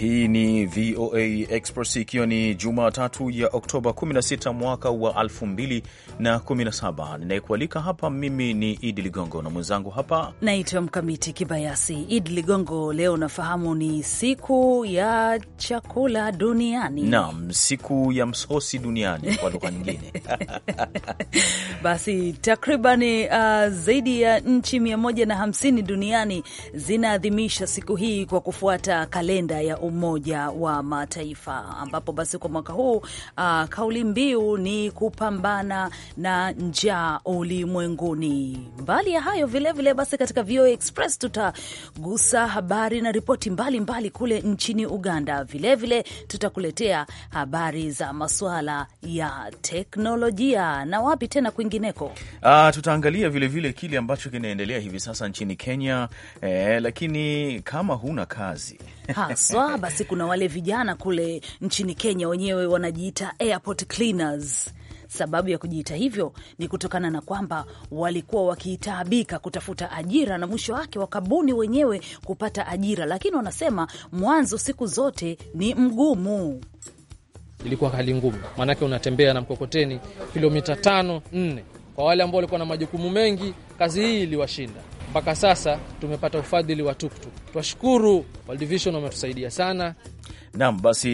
Hii ni VOA Express ikiwa ni Jumatatu ya Oktoba 16 mwaka wa 2017. Ninayekualika hapa mimi ni Idi Ligongo na mwenzangu hapa naitwa Mkamiti Kibayasi. Idi Ligongo, leo unafahamu ni siku ya chakula duniani. Naam, siku ya msosi duniani kwa lugha nyingine. Basi takriban uh, zaidi ya nchi 150 duniani zinaadhimisha siku hii kwa kufuata kalenda ya Umoja wa Mataifa, ambapo basi kwa mwaka huu uh, kauli mbiu ni kupambana na njaa ulimwenguni. Mbali ya hayo vilevile vile, basi katika VOA Express tutagusa habari na ripoti mbalimbali kule nchini Uganda. Vilevile vile, tutakuletea habari za masuala ya teknolojia na wapi tena kwingineko. Uh, tutaangalia vilevile kile ambacho kinaendelea hivi sasa nchini Kenya eh, lakini kama huna kazi haswa basi kuna wale vijana kule nchini Kenya wenyewe wanajiita airport cleaners. Sababu ya kujiita hivyo ni kutokana na kwamba walikuwa wakitaabika kutafuta ajira na mwisho wake wakabuni wenyewe kupata ajira, lakini wanasema mwanzo siku zote ni mgumu. Ilikuwa hali ngumu, maanake unatembea na mkokoteni kilomita tano nne. Kwa wale ambao walikuwa na majukumu mengi, kazi hii iliwashinda mpaka sasa tumepata ufadhili wa tuktuk. Twashukuru World Vision wametusaidia sana. Naam, basi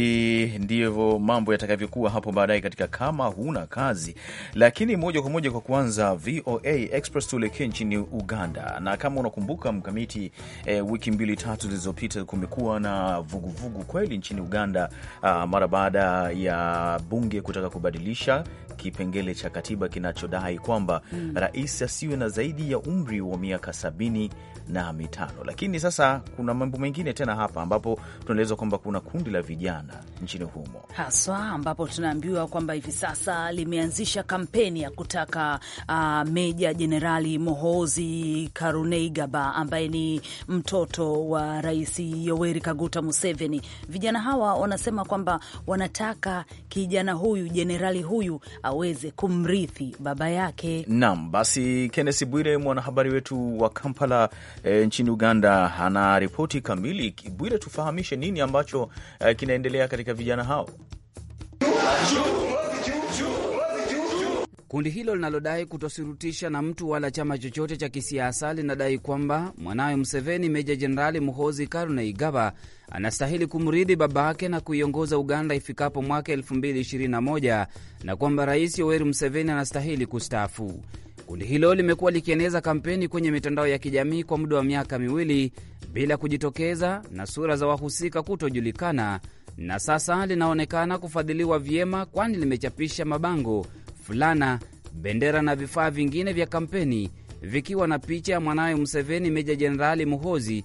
ndivyo mambo yatakavyokuwa hapo baadaye katika kama huna kazi. Lakini moja kwa moja kwa kuanza VOA Express tuelekee nchini Uganda, na kama unakumbuka mkamiti, e, wiki mbili tatu zilizopita kumekuwa na vuguvugu vugu kweli nchini Uganda, ah, mara baada ya bunge kutaka kubadilisha kipengele cha katiba kinachodai kwamba mm, rais asiwe na zaidi ya umri wa miaka sabini na mitano. Lakini sasa kuna mambo mengine tena hapa, ambapo tunaelezwa kwamba kuna kundi la vijana nchini humo haswa, ambapo tunaambiwa kwamba hivi sasa limeanzisha kampeni ya kutaka uh, Meja Jenerali Mohozi Karuneigaba ambaye ni mtoto wa Rais Yoweri Kaguta Museveni. Vijana hawa wanasema kwamba wanataka kijana huyu jenerali huyu aweze kumrithi baba yake. Naam, basi kennesi Bwire, mwanahabari wetu wa Kampala e, nchini Uganda ana ripoti kamili. Bwire, tufahamishe nini ambacho e, kinaendelea katika vijana hao. Kundi hilo linalodai kutosurutisha na mtu wala chama chochote cha kisiasa linadai kwamba mwanawe Mseveni, Meja Jenerali Muhozi Kainerugaba, anastahili kumrithi babake na kuiongoza Uganda ifikapo mwaka 2021 na kwamba Rais Yoweri Mseveni anastahili kustaafu. Kundi hilo limekuwa likieneza kampeni kwenye mitandao ya kijamii kwa muda wa miaka miwili bila kujitokeza na sura za wahusika kutojulikana, na sasa linaonekana kufadhiliwa vyema, kwani limechapisha mabango, fulana, bendera na vifaa vingine vya kampeni vikiwa na picha ya mwanawe Museveni, Meja Jenerali Muhozi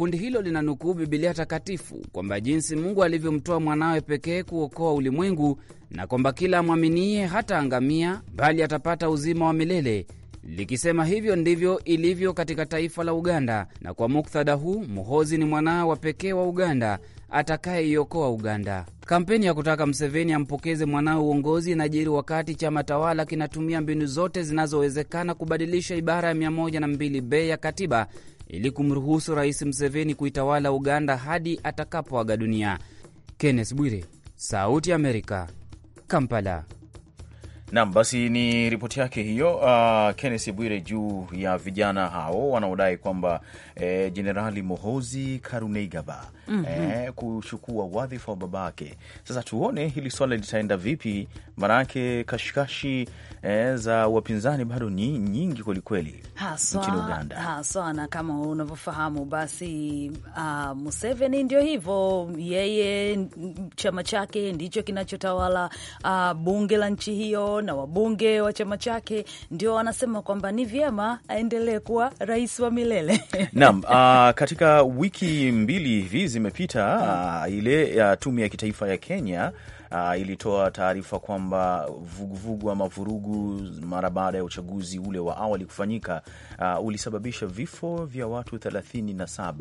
Kundi hilo linanukuu Bibilia takatifu kwamba jinsi Mungu alivyomtoa mwanawe pekee kuokoa ulimwengu, na kwamba kila amwaminie hataangamia, bali atapata uzima wa milele likisema hivyo ndivyo ilivyo katika taifa la Uganda. Na kwa muktadha huu, Muhozi ni mwanawe wa pekee wa Uganda atakayeiokoa Uganda. Kampeni ya kutaka Mseveni ampokeze mwanawe uongozi inajiri wakati chama tawala kinatumia mbinu zote zinazowezekana kubadilisha ibara ya 102 b ya katiba ili kumruhusu Rais Mseveni kuitawala Uganda hadi atakapoaga dunia. Kenneth Bwire, Sauti ya Amerika, Kampala. Nam, basi ni ripoti yake hiyo, uh, Kennes Bwire juu ya vijana hao wanaodai kwamba eh, Jenerali eh, Mohozi karuneigaba mm -hmm. eh, kuchukua wadhifa wa babake. Sasa tuone hili swala litaenda vipi, maanake kashikashi eh, za wapinzani bado ni nyingi kwelikweli nchini Uganda haswa, na kama unavyofahamu basi, uh, Museveni ndio hivyo, yeye chama chake ndicho kinachotawala uh, bunge la nchi hiyo na wabunge wa chama chake ndio wanasema kwamba ni vyema aendelee kuwa rais wa milele. Naam. Uh, katika wiki mbili hivi zimepita, uh, ile uh, tume ya kitaifa ya Kenya Uh, ilitoa taarifa kwamba vuguvugu ama vurugu mara baada ya uchaguzi ule wa awali kufanyika uh, ulisababisha vifo vya watu 37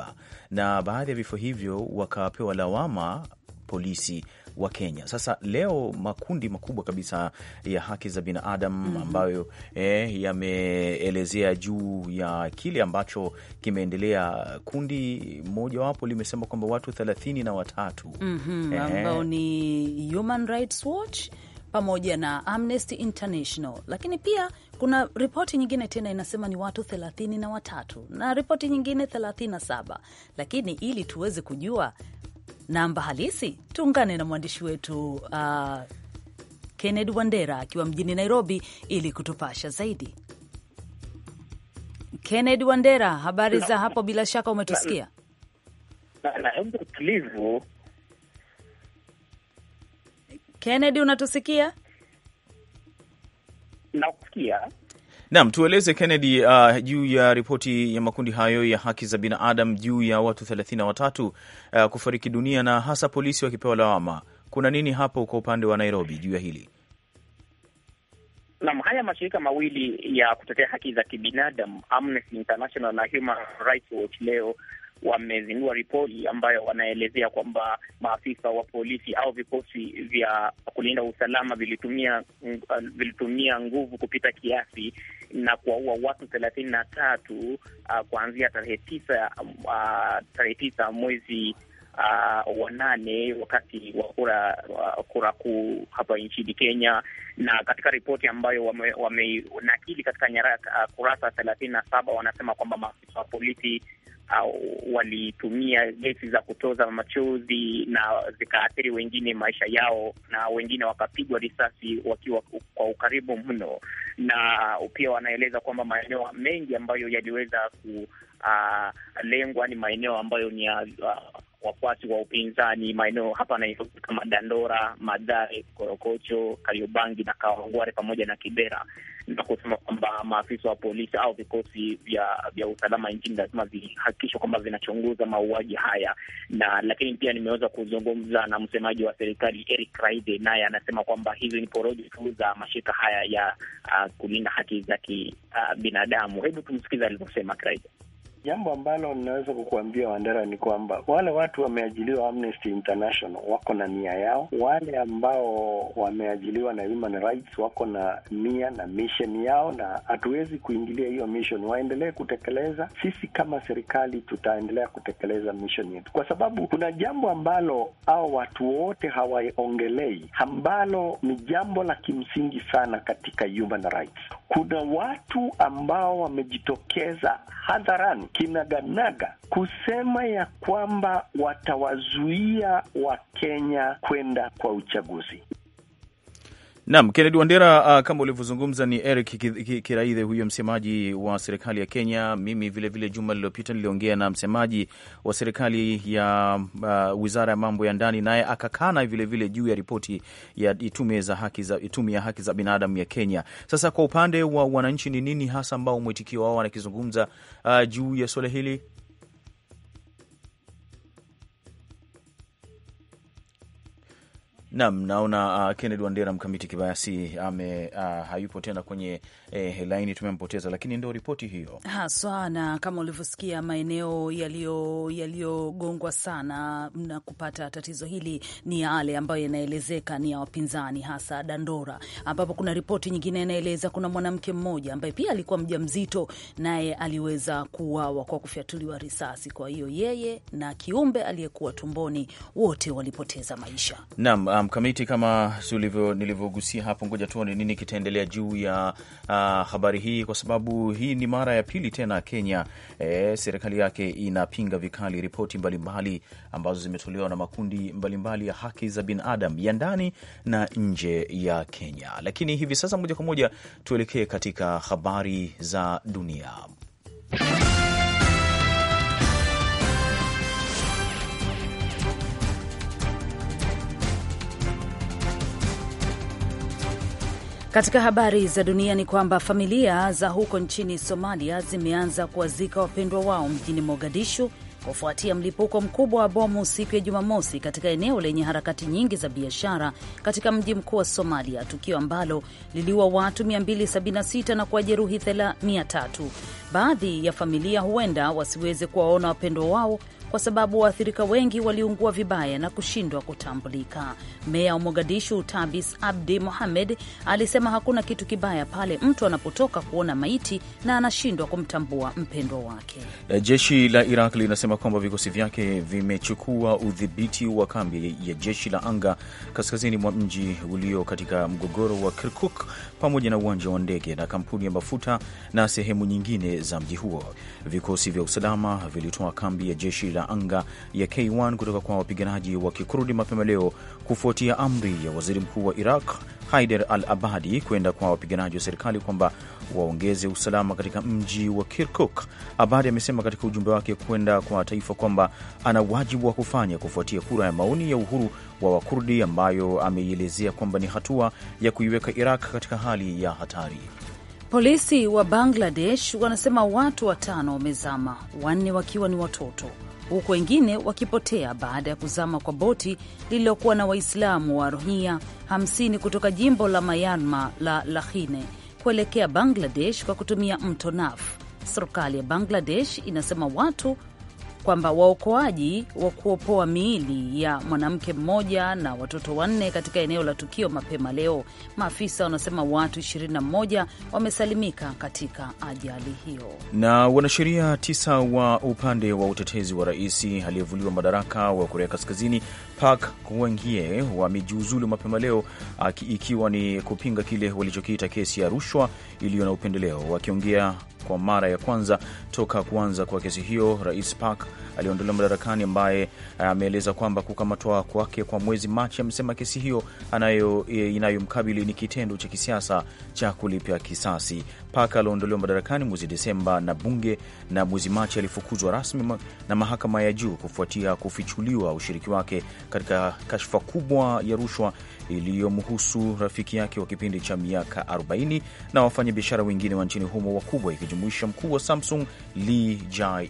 na baadhi ya vifo hivyo wakapewa lawama polisi wa Kenya. Sasa leo makundi makubwa kabisa ya haki za binadamu mm -hmm. ambayo eh, yameelezea juu ya kile ambacho kimeendelea. Kundi mojawapo limesema kwamba watu thelathini na watatu mm -hmm. eh, ambao ni Human Rights Watch pamoja na Amnesty International, lakini pia kuna ripoti nyingine tena inasema ni watu thelathini na watatu na ripoti nyingine thelathini na saba lakini ili tuweze kujua namba halisi. Tuungane na mwandishi wetu uh, Kennedy Wandera akiwa mjini Nairobi ili kutupasha zaidi. Kennedy Wandera, habari za hapo? Bila shaka umetusikia. Naomba utulivu. Kennedy, unatusikia? Nakusikia. Naam, tueleze Kennedy, uh, juu ya ripoti ya makundi hayo ya haki za binadamu juu ya watu thelathini na watatu uh, kufariki dunia na hasa polisi wakipewa lawama. Kuna nini hapo kwa upande wa Nairobi juu ya hili? Naam, haya mashirika mawili ya kutetea haki za kibinadamu Amnesty International na Human Rights Watch leo wamezindua ripoti ambayo wanaelezea kwamba maafisa wa polisi au vikosi vya kulinda usalama vilitumia uh, vilitumia nguvu kupita kiasi na kuwaua watu thelathini na tatu uh, kuanzia tarehe tisa um, uh, tarehe tisa mwezi uh, wanane wakati wa kura kura kuu hapa nchini Kenya, na katika ripoti ambayo wamenakili wame, katika nyaraka uh, kurasa thelathini na saba wanasema kwamba maafisa wa polisi Uh, walitumia gesi za kutoza machozi na zikaathiri wengine maisha yao, na wengine wakapigwa risasi wakiwa kwa ukaribu mno, na pia wanaeleza kwamba maeneo mengi ambayo yaliweza ku uh, lengwa ni maeneo ambayo ni ya uh, wafuasi wa upinzani maeneo hapa Nairobi kama Dandora, Madhare, Korokocho, Kariobangi na Kawangware pamoja na Kibera, na kusema kwamba maafisa wa polisi au vikosi vya vya usalama nchini lazima vihakikishwa kwamba vinachunguza mauaji haya. Na lakini pia nimeweza kuzungumza na msemaji wa serikali Eric Raide, naye anasema kwamba hizi ni porojo tu za mashirika haya ya uh, kulinda haki za kibinadamu. Uh, hebu tumsikiza alivyosema Jambo ambalo ninaweza kukuambia Wandera ni kwamba wale watu wameajiliwa Amnesty International wako na nia yao, wale ambao wameajiliwa na Human Rights wako na nia na mission yao, na hatuwezi kuingilia hiyo mission. Waendelee kutekeleza, sisi kama serikali tutaendelea kutekeleza mission yetu, kwa sababu kuna jambo ambalo hao watu wote hawaongelei, ambalo ni jambo la kimsingi sana katika Human Rights. Kuna watu ambao wamejitokeza hadharani kinaganaga kusema ya kwamba watawazuia Wakenya kwenda kwa uchaguzi. Naam, Kennedy Wandera, uh, kama ulivyozungumza ni Eric Kiraithe, huyo msemaji wa serikali ya Kenya. Mimi vilevile juma lililopita niliongea na msemaji wa serikali ya uh, wizara ya mambo ya ndani, naye akakana vilevile juu ya ripoti ya tume za haki za tume ya haki za binadamu ya Kenya. Sasa kwa upande wa wananchi, ni nini hasa ambao mwitikio wao wanakizungumza uh, ah, juu ya suala hili? Nam, naona uh, Kennedy Wandera mkamiti kibayasi ame uh, hayupo tena kwenye eh, laini, tumempoteza, lakini ndo ripoti hiyo haswa. Na kama ulivyosikia, maeneo yaliyogongwa sana na kupata tatizo hili ni yale ambayo yanaelezeka ni ya wapinzani, hasa Dandora, ambapo kuna ripoti nyingine inaeleza kuna mwanamke mmoja ambaye pia alikuwa mja mzito, naye aliweza kuuawa kwa kufyatuliwa risasi. Kwa hiyo yeye na kiumbe aliyekuwa tumboni wote walipoteza maisha. Nam. Uh, Mkamiti, um, kama nilivyogusia hapo, ngoja tuone nini kitaendelea juu ya uh, habari hii, kwa sababu hii ni mara ya pili tena Kenya, eh, serikali yake inapinga vikali ripoti mbalimbali ambazo zimetolewa na makundi mbalimbali mbali ya haki za binadamu ya ndani na nje ya Kenya. Lakini hivi sasa, moja kwa moja tuelekee katika habari za dunia. Katika habari za dunia ni kwamba familia za huko nchini Somalia zimeanza kuwazika wapendwa wao mjini Mogadishu kufuatia mlipuko mkubwa wa bomu siku ya Jumamosi katika eneo lenye harakati nyingi za biashara katika mji mkuu wa Somalia, tukio ambalo liliua watu 276 na kuwajeruhi 300. Baadhi ya familia huenda wasiweze kuwaona wapendwa wao kwa sababu waathirika wengi waliungua vibaya na kushindwa kutambulika. Meya wa Mogadishu Tabis Abdi Mohamed alisema hakuna kitu kibaya pale mtu anapotoka kuona maiti na anashindwa kumtambua mpendwa wake. E, jeshi la Iraq linasema kwamba vikosi vyake vimechukua udhibiti wa kambi ya jeshi la anga kaskazini mwa mji ulio katika mgogoro wa Kirkuk pamoja na uwanja wa ndege na kampuni ya mafuta na sehemu nyingine za mji huo. Vikosi vya usalama vilitoa kambi ya jeshi la anga ya K1 kutoka kwa wapiganaji wa Kikurdi mapema leo kufuatia amri ya waziri mkuu wa Iraq Haider al Abadi kwenda kwa wapiganaji wa serikali kwamba waongeze usalama katika mji wa Kirkuk. Abadi amesema katika ujumbe wake kwenda kwa taifa kwamba ana wajibu wa kufanya kufuatia kura ya maoni ya uhuru wa Wakurdi ambayo ameielezea kwamba ni hatua ya kuiweka Iraq katika hali ya hatari. Polisi wa Bangladesh wanasema watu watano wamezama, wanne wakiwa ni watoto huku wengine wakipotea baada ya kuzama kwa boti lililokuwa na Waislamu wa Rohingya 50 kutoka jimbo la Myanmar la Rakhine kuelekea Bangladesh kwa kutumia mto Naf. Serikali ya Bangladesh inasema watu kwamba waokoaji wa kuopoa miili ya mwanamke mmoja na watoto wanne katika eneo la tukio mapema leo. Maafisa wanasema watu 21 wamesalimika katika ajali hiyo. Na wanasheria tisa wa upande wa utetezi wa rais aliyevuliwa madaraka wa Korea Kaskazini Park geun wamejiuzulu mapema leo, ikiwa ni kupinga kile walichokiita kesi ya rushwa iliyo na upendeleo. Wakiongea kwa mara ya kwanza toka kuanza kwa kesi hiyo, Rais Park aliondolewa madarakani, ambaye eh, ameeleza kwamba kukamatwa kwake kwa mwezi Machi, amesema kesi hiyo eh, inayomkabili ni kitendo cha kisiasa cha kulipya kisasi. Paka aliondolewa madarakani mwezi Desemba na bunge, na mwezi Machi alifukuzwa rasmi na mahakama ya juu kufuatia kufichuliwa ushiriki wake katika kashfa kubwa ya rushwa iliyomhusu rafiki yake wa kipindi cha miaka 40 na wafanyabiashara wengine wa nchini humo wakubwa, ikijumuisha mkuu wa Samsung Lee jae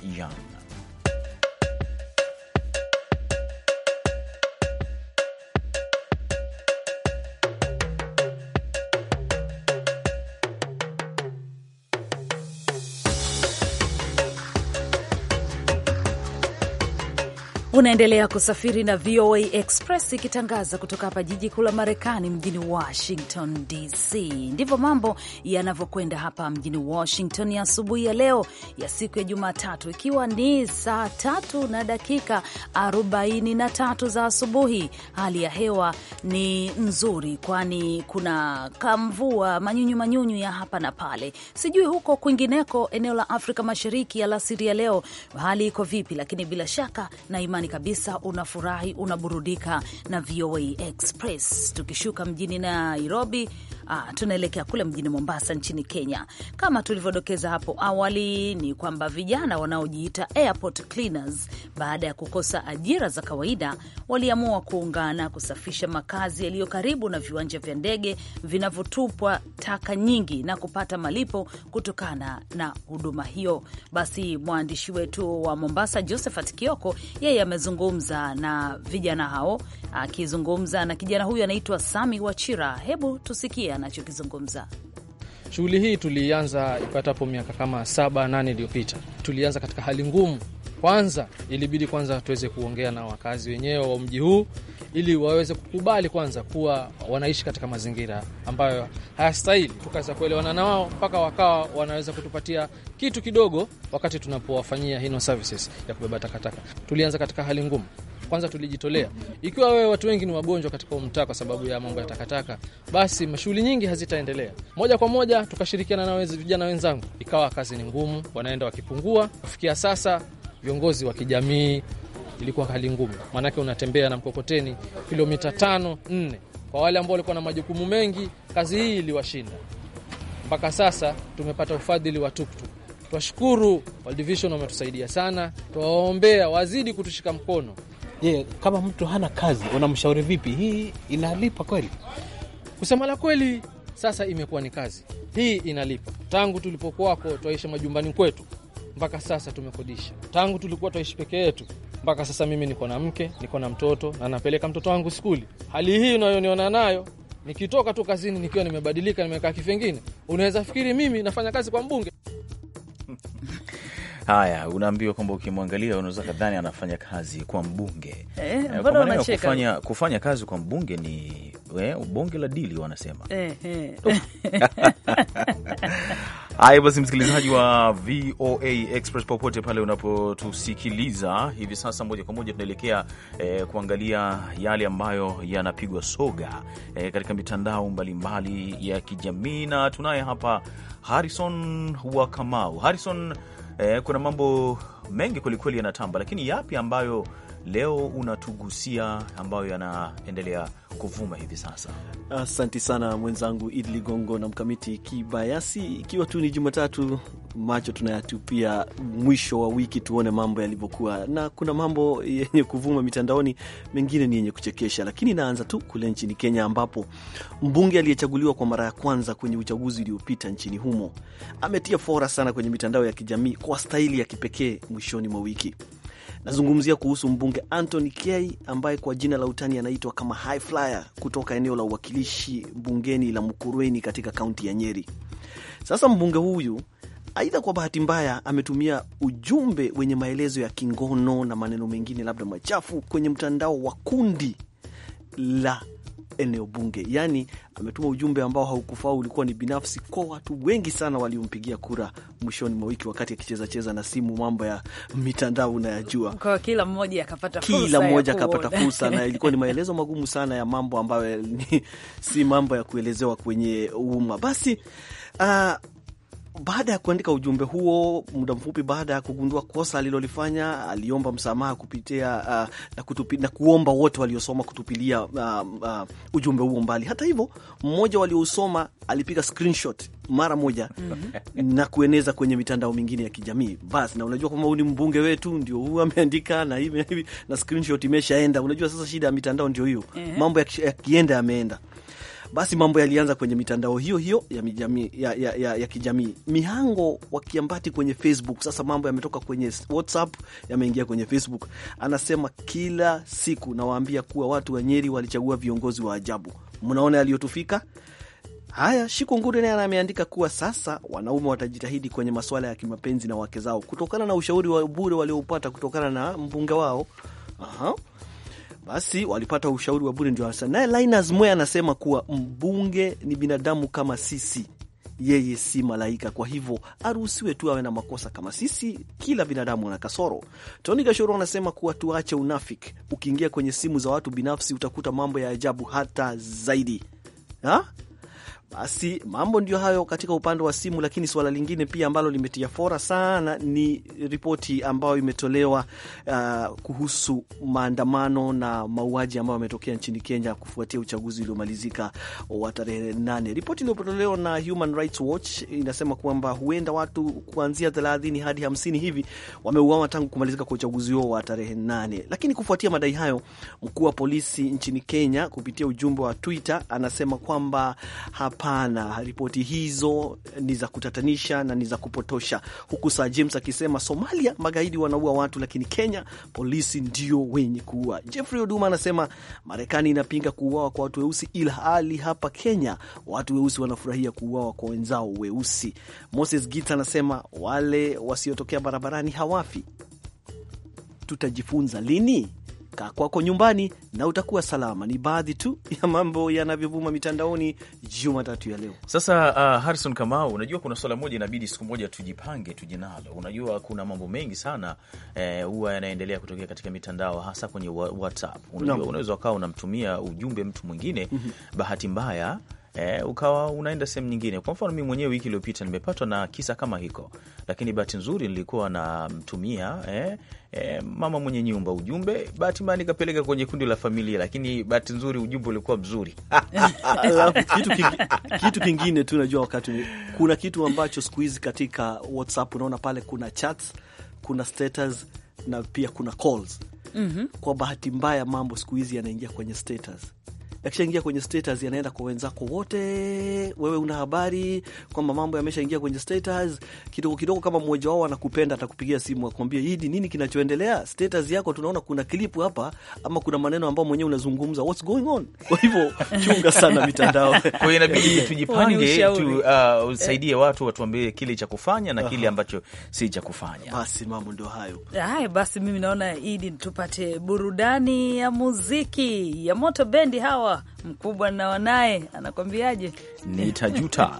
Unaendelea kusafiri na VOA Express ikitangaza kutoka hapa jiji kuu la Marekani, mjini Washington DC. Ndivyo mambo yanavyokwenda hapa mjini Washington ya asubuhi ya leo ya siku ya Jumatatu, ikiwa ni saa tatu na dakika 43 za asubuhi. Hali ya hewa ni nzuri, kwani kuna kamvua manyunyu manyunyu ya hapa na pale. Sijui huko kwingineko, eneo la Afrika Mashariki alasiri ya leo hali iko vipi, lakini bila shaka na imani kabisa unafurahi, unaburudika na VOA Express. Tukishuka mjini Nairobi Ah, tunaelekea kule mjini Mombasa nchini Kenya. Kama tulivyodokeza hapo awali, ni kwamba vijana wanaojiita airport cleaners, baada ya kukosa ajira za kawaida, waliamua kuungana kusafisha makazi yaliyo karibu na viwanja vya ndege vinavyotupwa taka nyingi na kupata malipo kutokana na huduma hiyo. Basi mwandishi wetu wa Mombasa Josephat Kioko yeye amezungumza na vijana hao, akizungumza na kijana huyu anaitwa Sami Wachira. Hebu tusikie anachokizungumza. Shughuli hii tulianza ipatapo miaka kama saba nane iliyopita. Tulianza katika hali ngumu. Kwanza ilibidi kwanza tuweze kuongea na wakazi wenyewe wa mji huu ili waweze kukubali kwanza kuwa wanaishi katika mazingira ambayo hayastahili. Tukaweza kuelewana na wao mpaka wakawa wanaweza kutupatia kitu kidogo wakati tunapowafanyia hino services ya kubeba takataka. Tulianza katika hali ngumu, kwanza tulijitolea. Ikiwa wewe watu wengi ni wagonjwa katika mtaa kwa sababu ya mambo ya takataka, basi shughuli nyingi hazitaendelea moja kwa moja. Tukashirikiana na wezi, vijana wenzangu, ikawa kazi ni ngumu, wanaenda wakipungua. Kufikia sasa viongozi wa kijamii, ilikuwa hali ngumu, maanake unatembea na mkokoteni kilomita tano nne. Kwa wale ambao walikuwa na majukumu mengi, kazi hii iliwashinda. Mpaka sasa tumepata ufadhili wa tuktuk. Twashukuru World Vision wametusaidia sana, twawaombea wazidi kutushika mkono. Je, kama mtu hana kazi unamshauri vipi? Hii inalipa kweli? Kusema la kweli, sasa imekuwa ni kazi hii inalipa. Tangu tulipokuwako twaishi majumbani kwetu mpaka sasa tumekodisha. Tangu tulikuwa twaishi peke yetu mpaka sasa, mimi niko na mke, niko na mtoto na napeleka mtoto wangu skuli. Hali hii unayoniona nayo nikitoka tu kazini nikiwa nimebadilika, nimekaa kifengine, unaweza fikiri mimi nafanya kazi kwa mbunge. Haya, unaambiwa kwamba ukimwangalia unaweza kadhani anafanya kazi kwa mbunge eh, eh kwa unacheka? Kufanya, kufanya kazi kwa mbunge ni we, eh, ubonge la dili wanasema eh, eh. Haya basi, msikilizaji wa VOA Express popote pale unapotusikiliza hivi sasa, moja kwa moja tunaelekea eh, kuangalia yale ambayo yanapigwa soga eh, katika mitandao mbalimbali ya kijamii, na tunaye hapa Harrison wa Kamau. Harrison E, kuna mambo mengi kwelikweli yanatamba, lakini yapi ambayo leo unatugusia ambayo yanaendelea kuvuma hivi sasa? asanti sana mwenzangu Idi Ligongo na Mkamiti Kibayasi. Ikiwa tu ni Jumatatu macho tunayatupia mwisho wa wiki, tuone mambo yalivyokuwa, na kuna mambo yenye kuvuma mitandaoni, mengine ni yenye kuchekesha, lakini inaanza tu kule nchini Kenya, ambapo mbunge aliyechaguliwa kwa mara ya kwanza kwenye uchaguzi uliopita nchini humo ametia fora sana kwenye mitandao ya kijamii kwa staili ya kipekee mwishoni mwa wiki. Nazungumzia kuhusu mbunge Anthony K ambaye kwa jina la utani anaitwa kama High Flyer kutoka eneo la uwakilishi bungeni la Mukurweni katika kaunti ya Nyeri. Sasa mbunge huyu Aidha, kwa bahati mbaya ametumia ujumbe wenye maelezo ya kingono na maneno mengine labda machafu kwenye mtandao wa kundi la eneo bunge. Yaani ametuma ujumbe ambao haukufaa, ulikuwa ni binafsi kwa watu wengi sana waliompigia kura mwishoni mwa wiki, wakati akicheza cheza na simu. Mambo ya mitandao unayajua, kwa kila mmoja akapata fursa, kila mmoja akapata fursa, na ilikuwa ni maelezo magumu sana ya mambo ambayo ni si mambo ya kuelezewa kwenye umma. Basi uh, baada ya kuandika ujumbe huo, muda mfupi baada ya kugundua kosa alilolifanya, aliomba msamaha kupitia uh, na, kutupi, na kuomba wote waliosoma kutupilia uh, uh, ujumbe huo mbali. Hata hivyo, mmoja waliousoma alipiga screenshot mara moja mm -hmm. na kueneza kwenye mitandao mingine ya kijamii. Basi na unajua kwamba huu ni mbunge wetu, ndio huu ameandika na hivi na hivi, na screenshot imeshaenda. Unajua sasa shida ya mitandao ndio hiyo, mambo yakienda yameenda. Basi mambo yalianza kwenye mitandao hiyo hiyo ya, mijami, ya, ya, ya, ya kijamii Mihango wakiambati kwenye Facebook. Sasa mambo yametoka kwenye WhatsApp yameingia kwenye Facebook. Anasema kila siku nawaambia kuwa watu wa Nyeri walichagua viongozi wa ajabu, mnaona yaliyotufika Haya, Shiku Nguri naye ameandika kuwa sasa wanaume watajitahidi kwenye masuala ya kimapenzi na wake zao kutokana na ushauri wa bure walioupata kutokana na mbunge wao. Aha. Basi walipata ushauri wa bure, ndio hasa naye Linus Mwe anasema kuwa mbunge ni binadamu kama sisi, yeye si malaika, kwa hivyo aruhusiwe tu awe na makosa kama sisi. Kila binadamu ana kasoro. Tony Gashoro anasema kuwa tuache unafiki, ukiingia kwenye simu za watu binafsi utakuta mambo ya ajabu hata zaidi ha? Basi mambo ndio hayo katika upande wa simu, lakini suala lingine pia ambalo limetia fora sana ni ripoti ambayo imetolewa uh, kuhusu maandamano na mauaji ambayo yametokea nchini Kenya kufuatia uchaguzi uliomalizika wa tarehe nane. Ripoti iliyotolewa na Human Rights Watch inasema kwamba huenda watu kuanzia thelathini hadi hamsini hivi wameuawa tangu kumalizika kwa uchaguzi huo wa tarehe nane. Lakini kufuatia madai hayo, mkuu wa polisi nchini Kenya kupitia ujumbe wa Twitter anasema kwamba hapa hapana, ripoti hizo ni za kutatanisha na ni za kupotosha, huku Sir James akisema Somalia magaidi wanaua watu, lakini Kenya polisi ndio wenye kuua. Jeffrey Oduma anasema Marekani inapinga kuuawa kwa watu weusi, ila hali hapa Kenya watu weusi wanafurahia kuuawa kwa wenzao weusi. Moses Gita anasema wale wasiotokea barabarani hawafi. Tutajifunza lini? kaa kwako nyumbani na utakuwa salama. Ni baadhi tu ya mambo yanavyovuma mitandaoni Jumatatu ya leo. Sasa uh, Harrison Kamau, unajua kuna swala moja inabidi siku moja tujipange nalo. Unajua kuna mambo mengi sana eh, huwa eh, yanaendelea kutokea katika mitandao, hasa kwenye WhatsApp. Unajua no. unaweza ukawa unamtumia ujumbe mtu mwingine mm -hmm. bahati mbaya E, ukawa unaenda sehemu nyingine. Kwa mfano mi mwenyewe wiki iliyopita nimepatwa na kisa kama hiko, lakini bahati nzuri nilikuwa namtumia e, e, mama mwenye nyumba ujumbe, bahati mbaya nikapeleka kwenye kundi la familia, lakini bahati nzuri ujumbe ulikuwa mzuri. Kitu, ki, kitu kingine tu najua, wakati kuna kitu ambacho siku hizi katika WhatsApp unaona pale kuna chats, kuna status na pia kuna calls. Mm -hmm. Kwa bahati mbaya mambo siku hizi yanaingia kwenye status yakishaingia kwenye status yanaenda kwa wenzako wote. Wewe una habari kwamba mambo yameshaingia kwenye status, kidogo kidogo, kama mmoja wao anakupenda atakupigia simu akwambie, hidi nini kinachoendelea status yako, tunaona kuna clip hapa ama kuna maneno ambayo mwenyewe unazungumza, what's going on? Kwa hivyo chunga sana mitandao, kwa hiyo inabidi tujipange tu, uh, usaidie watu watuambie kile cha kufanya na kile ambacho si cha kufanya. Basi mambo ndio hayo. Haya basi, mimi naona Idi tupate burudani ya muziki ya Moto Bendi hawa sawa, mkubwa na wanaye anakwambiaje? Nitajuta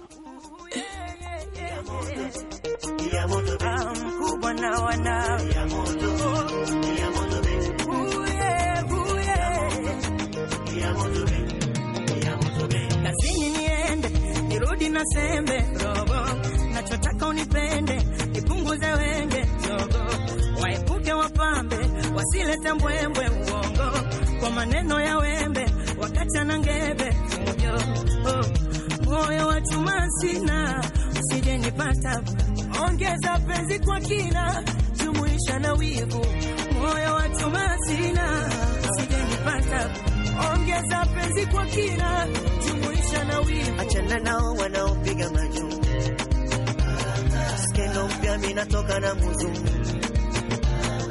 kazini niende nirudi na sembe robo, nachotaka unipende nipunguze wenge zogo, waepuke wapambe wasilete mbwembwe uongo kwa maneno ya wembe tena ngebe yo oh, moyo wa chuma sina, usije nipata. Ongeza penzi kwa kina, jumuisha na wivu. Moyo wa chuma sina, usije nipata. Ongeza penzi kwa kina, jumuisha na wivu. Achana nao wanaopiga majuu, skendo mpya minatoka na muzungu,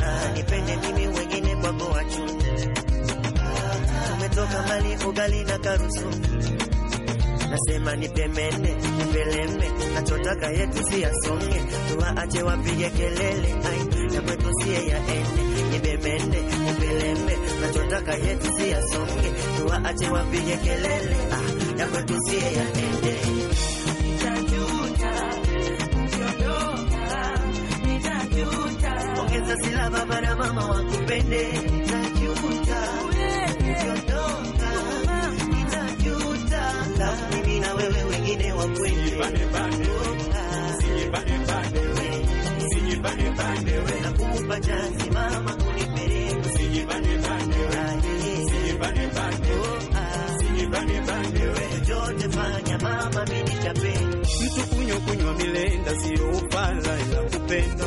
ah, nipende mimi wengine kwako wachu mlo kamali ugali na karusu. nasema ni nipemene nipeleme, nachotaka yetu si tuwa ache wapige kelele, ai ya kwetu siye yaende, nipemene nipeleme, nachotaka yetu si tuwa ache wapige kelele, ah ya kwetu ya ene. Ongeza silaba bara mama wakupende, najuta Mtu kunywa kunywa milenda sio ufala ila kupenda,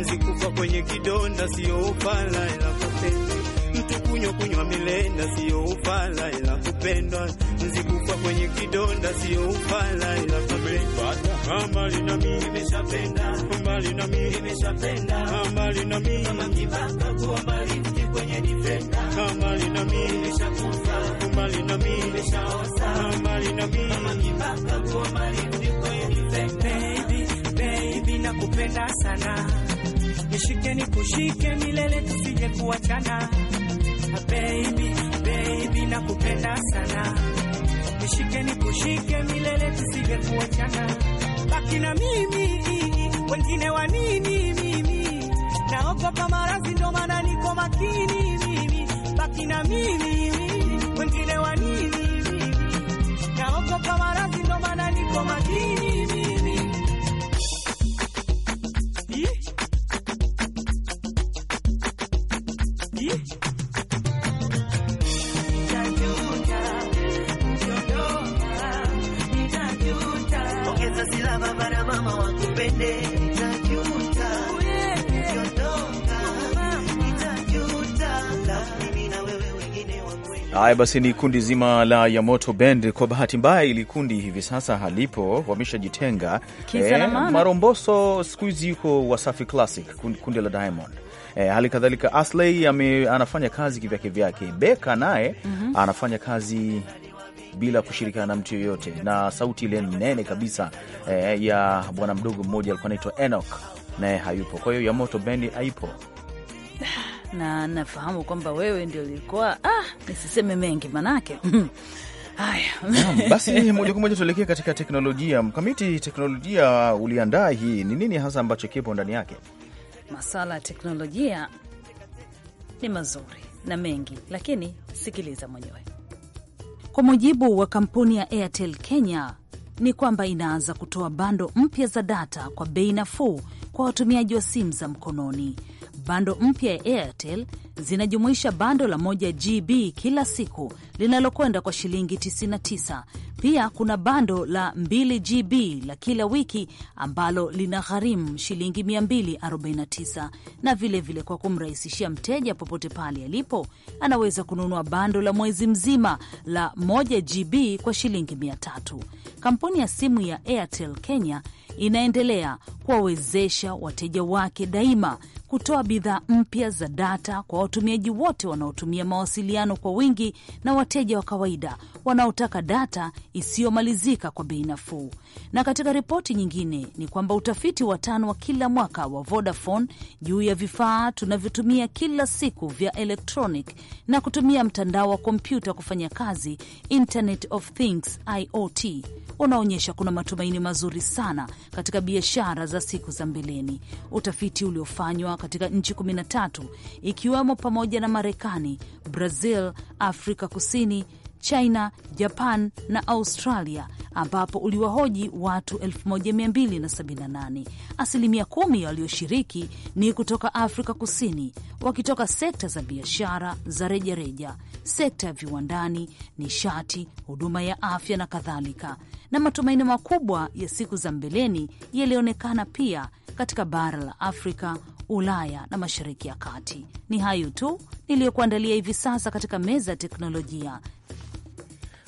nzikufa kwenye kidonda sio ufala ila kupenda kunywa kunywa milenda, sio upala ila kupendwa. nzikufa kwenye kidonda, sio upala ila kupendwa. na mimi nimeshapenda, mimi nimeshapenda, mimi kama kibaka kwenye mimi nimeshakufa, mimi nimeshaosa, mimi kama kibaka nakupenda sana, nishike nikushike milele, tusije kuachana baby, baby nakupenda sana, nishike nikushike milele, tusije kuachana, baki na mimi, wengine wa nini? Mimi naogopa ndo maana niko makini mimi, baki na mimi, wengine wa nini? Mimi naogopa ndo maana niko makini Haya basi, ni kundi zima la Yamoto Band. Kwa bahati mbaya, ili kundi hivi sasa halipo, wameshajitenga. E, Maromboso siku hizi yuko Wasafi Classic, kundi la Diamond. E, hali kadhalika Asley ame, anafanya kazi kivyake vyake. Beka naye mm -hmm. anafanya kazi bila kushirikiana na mtu yoyote, na sauti ile nene kabisa e, ya bwana mdogo mmoja alikuwa anaitwa Enoch, naye hayupo. Kwa hiyo Yamoto Bendi haipo na nafahamu kwamba wewe ndio ulikuwa ah, nisiseme mengi manake Haya basi, moja kwa moja tuelekee katika teknolojia. Mkamiti, teknolojia uliandaa hii, ni nini hasa ambacho kipo ndani yake? Masala ya teknolojia ni mazuri na mengi, lakini sikiliza mwenyewe. Kwa mujibu wa kampuni ya Airtel Kenya ni kwamba inaanza kutoa bando mpya za data kwa bei nafuu kwa watumiaji wa simu za mkononi Bando mpya ya Airtel zinajumuisha bando la moja GB kila siku linalokwenda kwa shilingi 99. Pia kuna bando la 2 GB la kila wiki ambalo lina gharimu shilingi 249, na vilevile vile kwa kumrahisishia mteja popote pale alipo, anaweza kununua bando la mwezi mzima la 1 GB kwa shilingi 300. Kampuni ya simu ya Airtel Kenya inaendelea kuwawezesha wateja wake daima kutoa bidhaa mpya za data kwa watumiaji wote wanaotumia mawasiliano kwa wingi na wateja wa kawaida wanaotaka data isiyomalizika kwa bei nafuu. Na katika ripoti nyingine ni kwamba utafiti wa tano wa kila mwaka wa Vodafone juu ya vifaa tunavyotumia kila siku vya electronic na kutumia mtandao wa kompyuta kufanya kazi, Internet of Things IoT, unaonyesha kuna matumaini mazuri sana katika biashara za siku za mbeleni. Utafiti uliofanywa katika nchi 13 ikiwemo pamoja na Marekani, Brazil, Afrika Kusini, China, Japan na Australia ambapo uliwahoji watu 1278. Asilimia kumi walioshiriki ni kutoka Afrika Kusini, wakitoka sekta za biashara za rejareja, sekta ya viwandani, nishati, huduma ya afya na kadhalika. Na matumaini makubwa ya siku za mbeleni yalionekana pia katika bara la Afrika Ulaya na Mashariki ya Kati. Ni hayo tu niliyokuandalia hivi sasa katika meza ya teknolojia.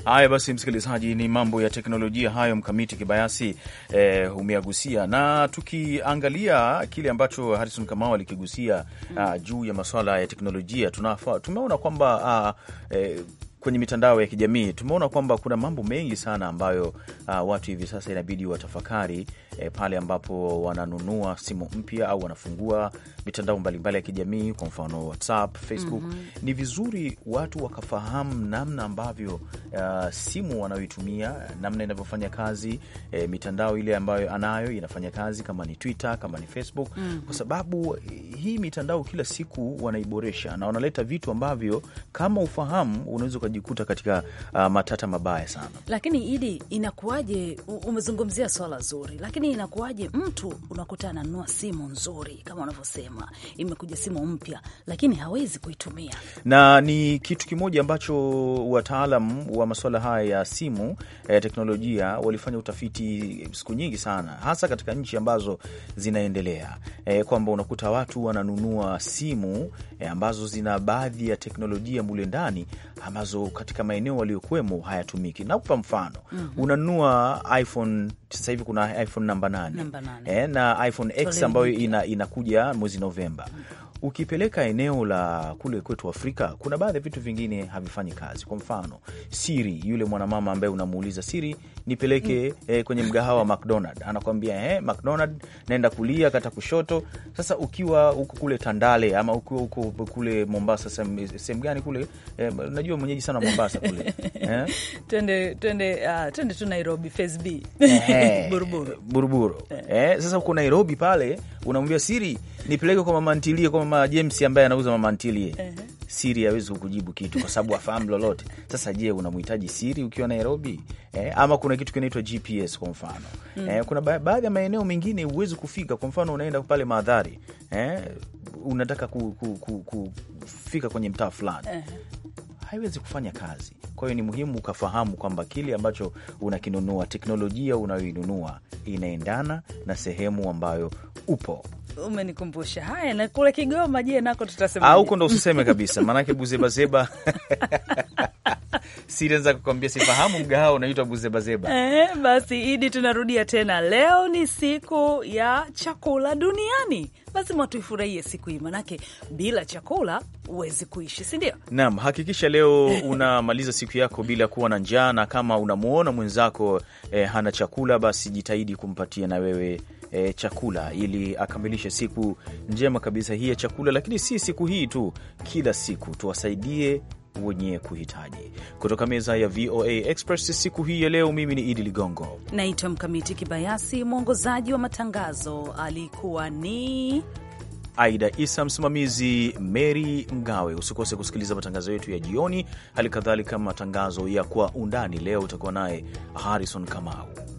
Haya basi, msikilizaji, ni mambo ya teknolojia hayo. Mkamiti Kibayasi eh, umeagusia na tukiangalia kile ambacho Harison Kamau alikigusia mm, uh, juu ya maswala ya teknolojia tunafa, tumeona kwamba uh, eh, kwenye mitandao ya kijamii tumeona kwamba kuna mambo mengi sana ambayo uh, watu hivi sasa inabidi watafakari eh, pale ambapo wananunua simu mpya au wanafungua mitandao mbalimbali mbali ya kijamii, kwa mfano WhatsApp, Facebook. mm -hmm. Ni vizuri watu wakafahamu namna ambavyo uh, simu wanayoitumia namna inavyofanya kazi eh, mitandao ile ambayo anayo inafanya kazi, kama ni Twitter, kama ni Facebook. mm -hmm. Kwa sababu hii mitandao kila siku wanaiboresha na wanaleta vitu ambavyo kama ufahamu unaweza wanajikuta katika uh, matata mabaya sana. Lakini Idi, inakuwaje? Umezungumzia swala zuri, lakini inakuwaje mtu unakuta ananunua simu nzuri kama unavyosema, imekuja simu mpya, lakini hawezi kuitumia, na ni kitu kimoja ambacho wataalam wa masuala haya ya simu eh, ya teknolojia walifanya utafiti siku nyingi sana, hasa katika nchi ambazo zinaendelea e, kwamba unakuta watu wananunua simu e, ambazo zina baadhi ya teknolojia mule ndani ambazo ambazo katika maeneo waliokuwemo hayatumiki. Nakupa mfano mm -hmm. unanunua iPhone sasa hivi kuna iPhone namba nane, namba nane. Eh, na iPhone X ambayo inakuja ina mwezi Novemba mm -hmm ukipeleka eneo la kule kwetu Afrika, kuna baadhi ya vitu vingine havifanyi kazi. Kwa mfano siri, yule mwanamama ambaye unamuuliza siri, nipeleke mm. eh, kwenye mgahawa McDonald, anakwambia eh, McDonald, naenda kulia kata kushoto. Sasa ukiwa huko kule Tandale ama ukiwa huko kule Mombasa, sehemu gani kule eh, najua mwenyeji sana Mombasa kule eh? twende uh, tu Nairobi phase B buruburu buruburu eh. Eh, sasa uko Nairobi pale unamwambia siri, nipeleke kwa mama ntilie, kwa mama kama James ambaye anauza mama ntilie uh -huh. Siri hawezi kukujibu kitu kwa sababu afahamu lolote. Sasa je, unamhitaji Siri ukiwa Nairobi eh? Ama kuna kitu kinaitwa GPS kwa mfano mm. Eh, kuna baadhi ya maeneo mengine huwezi kufika. Kwa mfano unaenda pale madhari eh, unataka kufika ku, ku, ku, kwenye mtaa fulani uh -huh. haiwezi kufanya kazi. Kwa hiyo ni muhimu ukafahamu kwamba kile ambacho unakinunua, teknolojia unayoinunua inaendana na sehemu ambayo upo. Umenikumbusha haya. Na kule Kigoma, je, nako tutasema ah, huko? Ndo usiseme kabisa, maanake buzebazeba Sirenza kukwambia sifahamu mgahawa unaitwa Buzebazeba. Eh, basi Idi, tunarudia tena, leo ni siku ya chakula duniani. Lazima tuifurahie siku hii, manake bila chakula huwezi kuishi, sindio nam Naam, hakikisha leo unamaliza siku yako bila kuwa na njaa, na kama unamwona mwenzako eh, hana chakula, basi jitahidi kumpatia na wewe e, chakula ili akamilishe siku njema kabisa hii ya chakula, lakini si siku hii tu, kila siku tuwasaidie wenye kuhitaji. Kutoka meza ya VOA Express siku hii ya leo, mimi ni Idi Ligongo, naitwa Mkamiti Kibayasi. Mwongozaji wa matangazo alikuwa ni Aida Isa, msimamizi Mary Mgawe. Usikose kusikiliza matangazo yetu ya jioni, hali kadhalika matangazo ya Kwa Undani. Leo utakuwa naye Harrison Kamau.